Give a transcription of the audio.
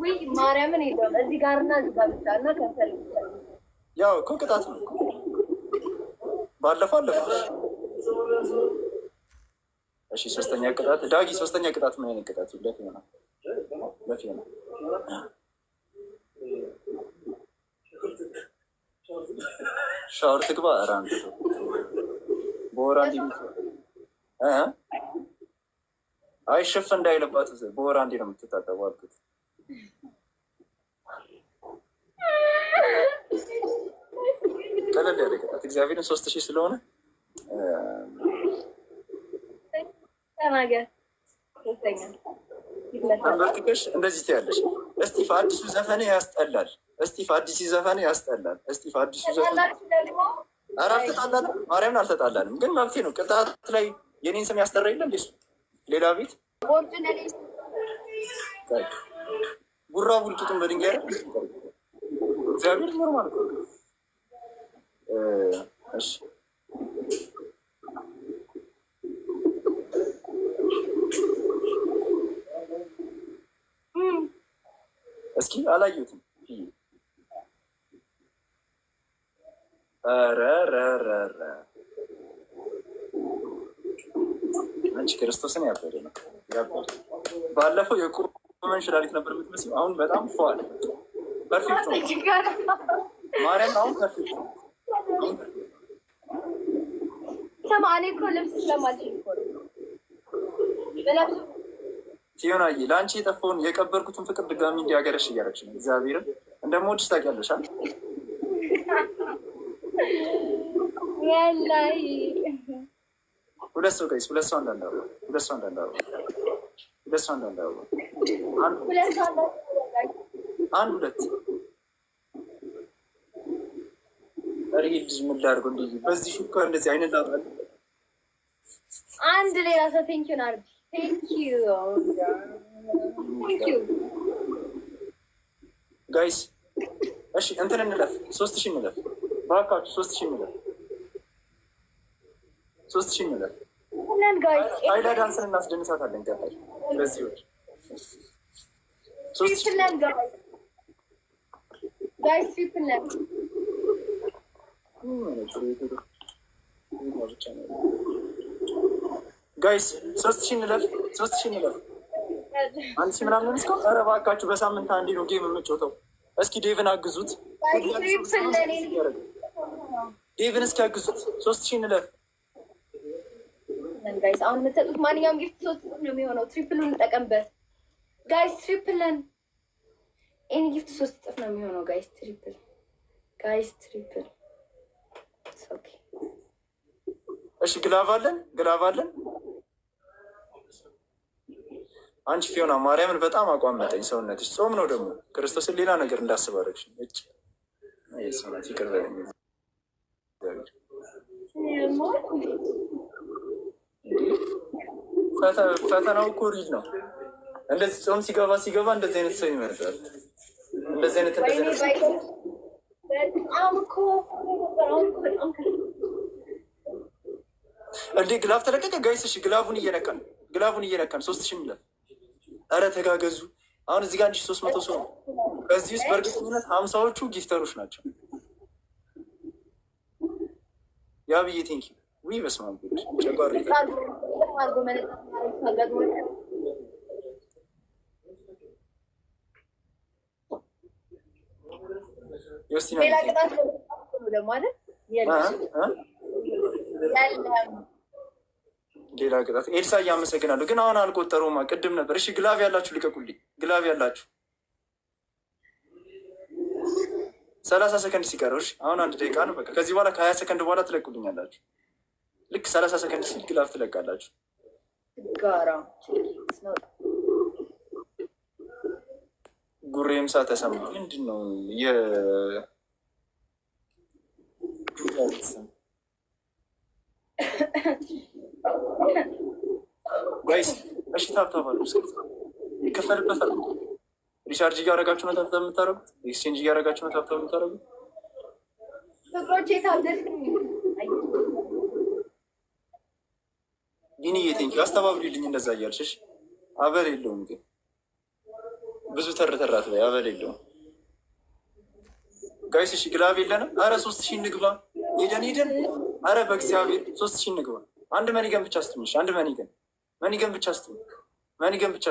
ውይ ማርያምን የለውም እዚህ ጋርና እዚህ ጋር ብቻ እና ያው እኮ ቅጣት ነው። ባለፈው አለፈ። እሺ ሶስተኛ ቅጣት ዳጊ፣ ሶስተኛ ቅጣት ምን አይነት ቅጣት? ለፊ ነው ሻወር ትግባ ራንድ ቦራ አይ ሽፍ እንዳይልባት በወር አንዴ ነው የምትታጠበው አልኩት። ቀለል ያለ ቅጣት እግዚአብሔርን ሶስት ሺህ ስለሆነ አንበርክከሽ እንደዚህ ትያለሽ። እስጢፋ አዲሱ ዘፈን ያስጠላል። እስጢፋ አዲሱ ዘፈን ያስጠላል። እስጢፋ አዲሱ ዘፈን ኧረ አልተጣላንም፣ ማርያምን አልተጣላንም። ግን መብቴ ነው ቅጣት ላይ የኔን ስም ያስጠራ የለም ሱ ሌላ ቤት ጉራ ቡልቂቱን በድንጋይ እግዚአብሔር ኖር ማለት ነው። እሺ እስኪ አላየሁትም። ኧረ አንቺ ክርስቶስን ያበደ ነው። ባለፈው የቁርመን ሽላሊት ነበር የምትመስለው። አሁን በጣም ፏል። ፐርፌክት ማርያም፣ አሁን ፐርፌክት ነው። ስማ ፊዮናዬ ለአንቺ የጠፋውን የቀበርኩትን ፍቅር ድጋሚ እንዲያገረሽ እያደረግሽ ነው። እግዚአብሔርን እንደምወድሽ ታውቂያለሽ። ሁለት ሰው ጋይስ፣ ሁለት ሰው እንዳንዳሩ፣ ሁለት ሰው እንዳንዳሩ፣ ሁለት ሰው እንዳንዳሩ፣ አንድ ሁለት ሪድ ሙዳርጎ እንዲ በዚህ ሹካ እንደዚህ አይነት አንድ ሌላ ሰው ቴንኪዩን አርግ ቴንኪዩ ቴንኪዩ ጋይስ። እሺ እንትን እንለፍ፣ ሶስት ሺህ እንለፍ፣ ባካችሁ ሶስት ሺህ እንለፍ፣ ሶስት እንለፍ ባካችሁ ሶስት እንለፍ ሶስት እንለፍ ነን ጋይስ። አይዳ ዳንስን እናስደንሳታለን። ገባሽ? ጋይስ፣ ነን ጋይስ። ሶስት እንለፍ፣ ሶስት እንለፍ። አንድ ሺህ ምናምን ኧረ እባካችሁ፣ በሳምንት አንዴ ነው ጌም የምንጮተው። እስኪ ዴቭን አግዙት፣ ዴቭን እስኪ አግዙት። ሶስት ሺህ እንለፍ ነን ጋይስ። አሁን የምትሰጡት ማንኛውም ጊፍት ሶስት ነው የሚሆነው። ትሪፕሉን እንጠቀምበት ጋይስ። ትሪፕልን ኤኒ ጊፍት ሶስት እጥፍ ነው የሚሆነው ጋይስ። ትሪፕል ጋይስ፣ ትሪፕል እሺ። ግላቭ አለን፣ ግላቭ አለን። አንቺ ፊዮና ማርያምን በጣም አቋመጠኝ ሰውነትሽ። ጾም ነው ደግሞ ክርስቶስን ሌላ ነገር እንዳስባለች እጭ ሰውነት ይቅርበ ፈተናው እኮ ሪድ ነው። እንደዚህ ጾም ሲገባ ሲገባ እንደዚህ አይነት ሰው ይመርጣል። እንደዚህ አይነት እንደዚህ አይነት እንዴ ግላፍ ተለቀቀ ጋይስ። እሺ ግላፉን እየነካን ግላፉን እየነካን ሶስት ሺ ሚላል። ኧረ ተጋገዙ። አሁን እዚህ ጋር አንድ ሺ ሶስት መቶ ሰው ነው። በዚህ ውስጥ በእርግጠኝነት ሀምሳዎቹ ጊፍተሮች ናቸው። ያ ብዬ ቴንኪው ውይ በስመ አብ ጨጓራ ሌላ ቅጣት። ኤልሳ እያመሰግናለሁ፣ ግን አሁን አልቆጠረውማ ቅድም ነበር። እሺ ግላቭ ያላችሁ ልቀቁልኝ፣ ግላቭ ያላችሁ ሰላሳ ሰከንድ ሲቀረው። እሺ አሁን አንድ ደቂቃ ነው በቃ። ከዚህ በኋላ ከሀያ ሰከንድ በኋላ ትለቁልኛላችሁ። ልክ ሰላሳ ሰከንድ ሲል ግላፍ ትለቃላችሁ። ጉሬም ሳ ተሰማ ምንድን ነው የ ጋይስ እሺ፣ ታብታባሉ ይከፈልበታል። ሪቻርጅ እያደረጋችሁ ነው ታብታ የምታደረጉት፣ ኤክስቼንጅ እያደረጋችሁ ነው ታብታ የምታደረጉት። ይህን እየቴንኪ አስተባብሪልኝ እንደዛ እያልሽሽ አበር የለውም ግን ብዙ ተርተራት ላይ አበር የለውም። ጋይስ እሺ ግላብ የለንም። አረ ሶስት ሺህ እንግባ ሄደን ሄደን አረ በእግዚአብሔር ሶስት ሺህ እንግባ። አንድ መኒገን ብቻ ስትምሽ አንድ መኒገን መኒገን ብቻ ስትም መኒገን ብቻ